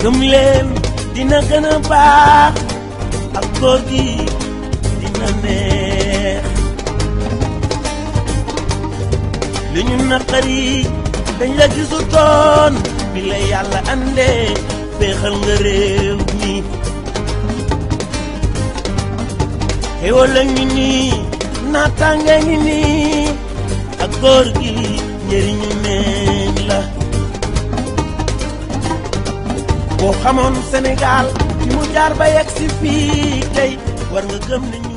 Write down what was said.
gëm dina gën a baax ak góor gi dina neex li ñu naqari dañ la gisutoon bi la yàlla andee féexal nga réew mi xéwal la ngi nii naataange nii ak góor gi njëriñu boo xamoon Sénégal ci mu jaar ba yegg si fii tey war nga gëm ne ñu